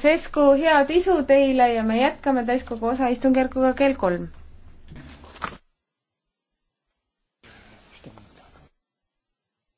Sesku, head isu teile ja me jätkame täiskogu osaistungjärguga kell kolm.